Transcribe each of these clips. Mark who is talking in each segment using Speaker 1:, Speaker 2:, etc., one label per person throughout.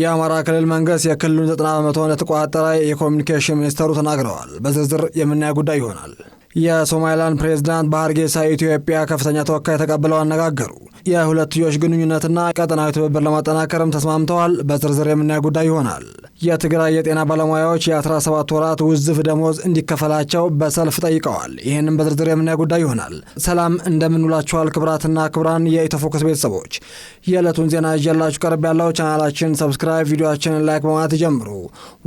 Speaker 1: የአማራ ክልል መንግስት የክልሉን ዘጠና በመቶ እንደተቆጣጠረ የኮሚኒኬሽን ሚኒስተሩ ተናግረዋል። በዝርዝር የምናየው ጉዳይ ይሆናል። የሶማሊላንድ ፕሬዝዳንት ባህርጌሳ ኢትዮጵያ ከፍተኛ ተወካይ ተቀብለው አነጋገሩ። የሁለትዮሽ ግንኙነትና ቀጠናዊ ትብብር ለማጠናከርም ተስማምተዋል። በዝርዝር የምናየው ጉዳይ ይሆናል። የትግራይ የጤና ባለሙያዎች የ17 ወራት ውዝፍ ደሞዝ እንዲከፈላቸው በሰልፍ ጠይቀዋል። ይህንም በዝርዝር የምናየው ጉዳይ ይሆናል። ሰላም እንደምንውላችኋል። ክብራትና ክብራን የኢትዮፎከስ ቤተሰቦች የዕለቱን ዜና ይዤላችሁ ቀርብ ያለው ቻናላችን ሰብስክራይብ፣ ቪዲዮችንን ላይክ በማለት ጀምሩ።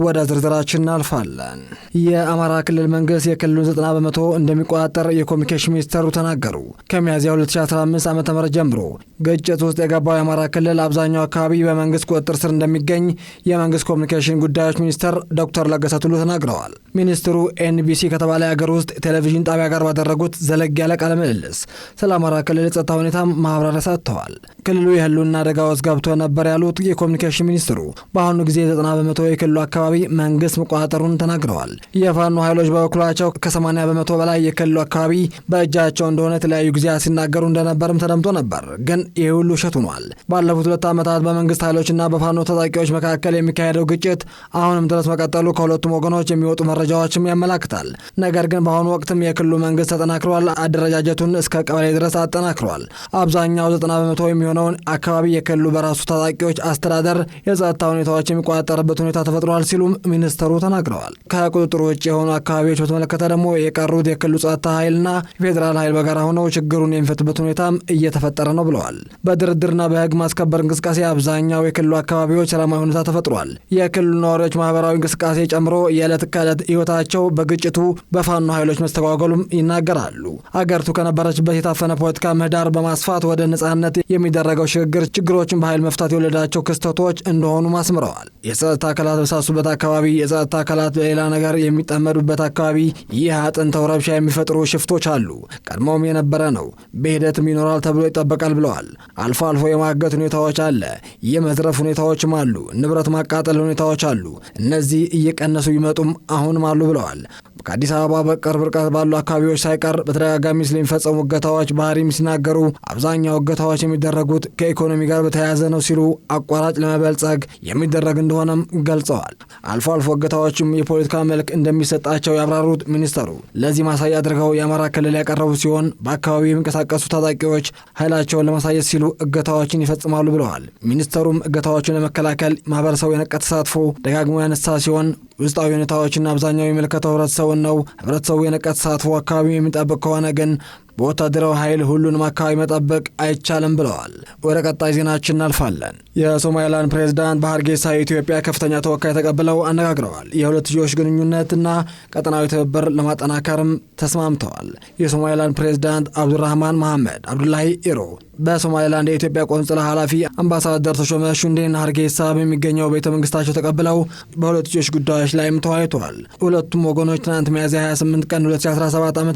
Speaker 1: ወደ ዝርዝራችን እናልፋለን። የአማራ ክልል መንግስት የክልሉን ዘጠና በመቶ እንደሚቆጣጠር የኮሚኒኬሽን ሚኒስተሩ ተናገሩ። ከሚያዝያ 2015 ዓ ም ጀምሮ ግጭት ውስጥ የገባው የአማራ ክልል አብዛኛው አካባቢ በመንግስት ቁጥጥር ስር እንደሚገኝ የመንግስት ኮሚኒኬሽን ጉዳዮች ሚኒስትር ዶክተር ለገሰ ቱሉ ተናግረዋል። ሚኒስትሩ ኤንቢሲ ከተባለ የአገር ውስጥ ቴሌቪዥን ጣቢያ ጋር ባደረጉት ዘለግ ያለ ቃለ ምልልስ ስለ አማራ ክልል የጸጥታ ሁኔታም ማብራሪያ ሰጥተዋል። ክልሉ የህልውና አደጋ ውስጥ ገብቶ ነበር ያሉት የኮሚኒኬሽን ሚኒስትሩ በአሁኑ ጊዜ ዘጠና በመቶ የክልሉ አካባቢ መንግስት መቆጣጠሩን ተናግረዋል። የፋኖ ኃይሎች በበኩላቸው ከ80 በመቶ በላይ የክልሉ አካባቢ በእጃቸው እንደሆነ የተለያዩ ጊዜያት ሲናገሩ እንደነበርም ተደምጦ ነበር። ግን ይህ ሁሉ ውሸት ሆኗል። ባለፉት ሁለት ዓመታት በመንግስት ኃይሎችና በፋኖ ታጣቂዎች መካከል የሚካሄደው ግጭት አሁንም ድረስ መቀጠሉ ከሁለቱም ወገኖች የሚወጡ መረጃዎችም ያመላክታል። ነገር ግን በአሁኑ ወቅትም የክልሉ መንግስት ተጠናክሯል። አደረጃጀቱን እስከ ቀበሌ ድረስ አጠናክሯል። አብዛኛው ዘጠና በመቶ የሚሆነውን አካባቢ የክልሉ በራሱ ታጣቂዎች አስተዳደር የጸጥታ ሁኔታዎች የሚቆጣጠርበት ሁኔታ ተፈጥሯል ሲሉም ሚኒስተሩ ተናግረዋል። ከቁጥጥር ውጭ የሆኑ አካባቢዎች በተመለከተ ደግሞ የቀሩት የክልሉ ጸጥታ ኃይልና የፌዴራል ኃይል በጋራ ሆነው ችግሩን የሚፈቱበት ሁኔታም እየተፈጠረ ነው ነው ብለዋል። በድርድርና በህግ ማስከበር እንቅስቃሴ አብዛኛው የክልሉ አካባቢዎች ሰላማዊ ሁኔታ ተፈጥሯል። የክልሉ ነዋሪዎች ማህበራዊ እንቅስቃሴ ጨምሮ የዕለት ከዕለት ህይወታቸው በግጭቱ በፋኖ ኃይሎች መስተጓገሉም ይናገራሉ። አገሪቱ ከነበረችበት የታፈነ ፖለቲካ ምህዳር በማስፋት ወደ ነጻነት የሚደረገው ሽግግር ችግሮችን በኃይል መፍታት የወለዳቸው ክስተቶች እንደሆኑም አስምረዋል። የጸጥታ አካላት በሳሱበት አካባቢ፣ የጸጥታ አካላት በሌላ ነገር የሚጠመዱበት አካባቢ ይህ አጥንተው ረብሻ የሚፈጥሩ ሽፍቶች አሉ። ቀድሞውም የነበረ ነው። በሂደትም ይኖራል ተብሎ ይጠበቃል ይቀጥላል ብለዋል። አልፎ አልፎ የማገት ሁኔታዎች አለ፣ የመዝረፍ ሁኔታዎችም አሉ፣ ንብረት ማቃጠል ሁኔታዎች አሉ። እነዚህ እየቀነሱ ቢመጡም አሁንም አሉ ብለዋል። ከአዲስ አበባ በቅርብ ርቀት ባሉ አካባቢዎች ሳይቀር በተደጋጋሚ ስለሚፈጸሙ እገታዎች ባህሪም ሲናገሩ አብዛኛው እገታዎች የሚደረጉት ከኢኮኖሚ ጋር በተያያዘ ነው ሲሉ አቋራጭ ለመበልጸግ የሚደረግ እንደሆነም ገልጸዋል። አልፎ አልፎ እገታዎችም የፖለቲካ መልክ እንደሚሰጣቸው ያብራሩት ሚኒስተሩ ለዚህ ማሳያ አድርገው የአማራ ክልል ያቀረቡ ሲሆን በአካባቢው የሚንቀሳቀሱ ታጣቂዎች ኃይላቸውን ለማሳየት ሲሉ እገታዎችን ይፈጽማሉ ብለዋል። ሚኒስተሩም እገታዎችን ለመከላከል ማህበረሰቡ የነቃ ተሳትፎ ደጋግሞ ያነሳ ሲሆን ውስጣዊ ሁኔታዎችን አብዛኛው የሚመለከተው ህብረተሰቡን ነው። ህብረተሰቡ የንቃት ተሳትፎ አካባቢ የሚጠብቅ ከሆነ ግን በወታደራዊ ኃይል ሁሉንም አካባቢ መጠበቅ አይቻልም ብለዋል። ወደ ቀጣይ ዜናችን እናልፋለን። የሶማሌላንድ ፕሬዝዳንት በሀርጌሳ የኢትዮጵያ ከፍተኛ ተወካይ ተቀብለው አነጋግረዋል። የሁለትዮሽ ግንኙነትና ቀጠናዊ ትብብር ለማጠናከርም ተስማምተዋል። የሶማሌላንድ ፕሬዝዳንት አብዱራህማን መሐመድ አብዱላሂ ኢሮ በሶማሌላንድ የኢትዮጵያ ቆንጽላ ኃላፊ አምባሳደር ተሾመ ሹንዴን ሀርጌሳ በሚገኘው ቤተ መንግስታቸው ተቀብለው በሁለትዮሽ ጉዳዮች ላይም ተወያይተዋል። ሁለቱም ወገኖች ትናንት ሚያዝያ 28 ቀን 2017 ዓ ም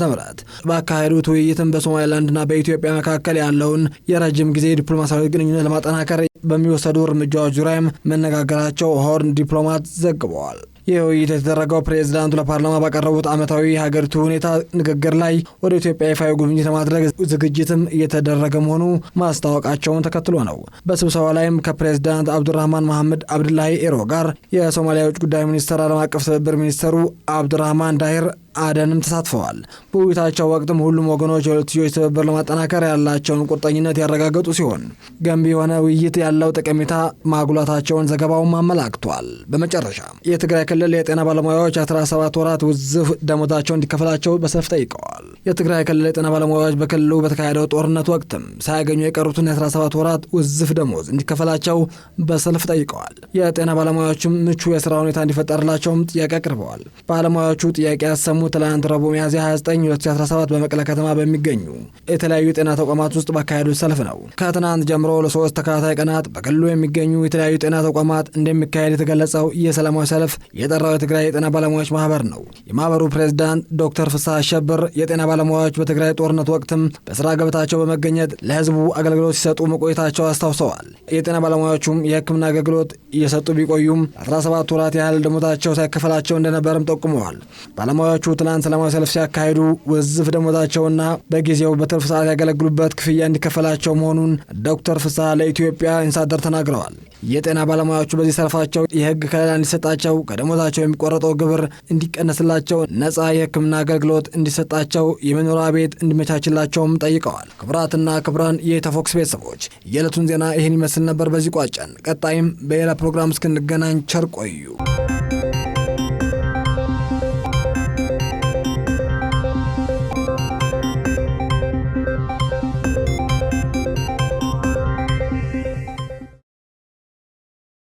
Speaker 1: በአካሄዱት ውይይትም በሶማሌላንድና በኢትዮጵያ መካከል ያለውን የረጅም ጊዜ ዲፕሎማሲያዊ ግንኙነት ለማጠናከር በሚወሰዱ እርምጃዎች ዙሪያም መነጋገራቸው ሆርን ዲፕሎማት ዘግበዋል። ይህ ውይይት የተደረገው ፕሬዚዳንቱ ለፓርላማ ባቀረቡት ዓመታዊ የሀገሪቱ ሁኔታ ንግግር ላይ ወደ ኢትዮጵያ ይፋዊ ጉብኝት ለማድረግ ዝግጅትም እየተደረገ መሆኑ ማስታወቃቸውን ተከትሎ ነው። በስብሰባ ላይም ከፕሬዚዳንት አብዱራህማን መሐመድ አብድላሂ ኤሮ ጋር የሶማሊያ የውጭ ጉዳይ ሚኒስትር፣ ዓለም አቀፍ ትብብር ሚኒስትሩ አብዱራህማን ዳሂር አደንም ተሳትፈዋል። በውይይታቸው ወቅትም ሁሉም ወገኖች የሁለትዮሽ ትብብር ለማጠናከር ያላቸውን ቁርጠኝነት ያረጋገጡ ሲሆን ገንቢ የሆነ ውይይት ያለው ጠቀሜታ ማጉላታቸውን ዘገባውም አመላክቷል። በመጨረሻ የትግራይ ክልል የጤና ባለሙያዎች 17 ወራት ውዝፍ ደሞዛቸው እንዲከፈላቸው በሰልፍ ጠይቀዋል። የትግራይ ክልል የጤና ባለሙያዎች በክልሉ በተካሄደው ጦርነት ወቅትም ሳያገኙ የቀሩትን የ17 ወራት ውዝፍ ደሞዝ እንዲከፈላቸው በሰልፍ ጠይቀዋል። የጤና ባለሙያዎችም ምቹ የስራ ሁኔታ እንዲፈጠርላቸውም ጥያቄ አቅርበዋል። ባለሙያዎቹ ጥያቄ ያሰሙ ትላንት ረቡዕ ሚያዝያ 29 2017 በመቀለ ከተማ በሚገኙ የተለያዩ የጤና ተቋማት ውስጥ ባካሄዱት ሰልፍ ነው። ከትናንት ጀምሮ ለሶስት ተከታታይ ቀናት በክልሉ የሚገኙ የተለያዩ ጤና ተቋማት እንደሚካሄድ የተገለጸው የሰላማዊ ሰልፍ የጠራው የትግራይ የጤና ባለሙያዎች ማህበር ነው። የማህበሩ ፕሬዚዳንት ዶክተር ፍስሐ አሸብር የጤና ባለሙያዎች በትግራይ ጦርነት ወቅትም በስራ ገበታቸው በመገኘት ለህዝቡ አገልግሎት ሲሰጡ መቆየታቸው አስታውሰዋል። የጤና ባለሙያዎቹም የህክምና አገልግሎት እየሰጡ ቢቆዩም 17 ወራት ያህል ደሞታቸው ሳይከፈላቸው እንደነበርም ጠቁመዋል። ባለሙያዎቹ ትናንት ሰላማዊ ሰልፍ ሲያካሂዱ ውዝፍ ደሞታቸውና በጊዜው በትርፍ ሰዓት ያገለግሉበት ክፍያ እንዲከፈላቸው መሆኑን ዶክተር ፍስሐ ለኢትዮጵያ ኢንሳደር ተናግረዋል። የጤና ባለሙያዎቹ በዚህ ሰልፋቸው የህግ ከለላ እንዲሰጣቸው፣ ከደሞዛቸው የሚቆረጠው ግብር እንዲቀነስላቸው፣ ነጻ የህክምና አገልግሎት እንዲሰጣቸው፣ የመኖሪያ ቤት እንዲመቻችላቸውም ጠይቀዋል። ክቡራትና ክቡራን የተፎክስ ቤተሰቦች የዕለቱን ዜና ይህን ይመስል ነበር። በዚህ ቋጨን። ቀጣይም በሌላ ፕሮግራም እስክንገናኝ ቸር ቆዩ።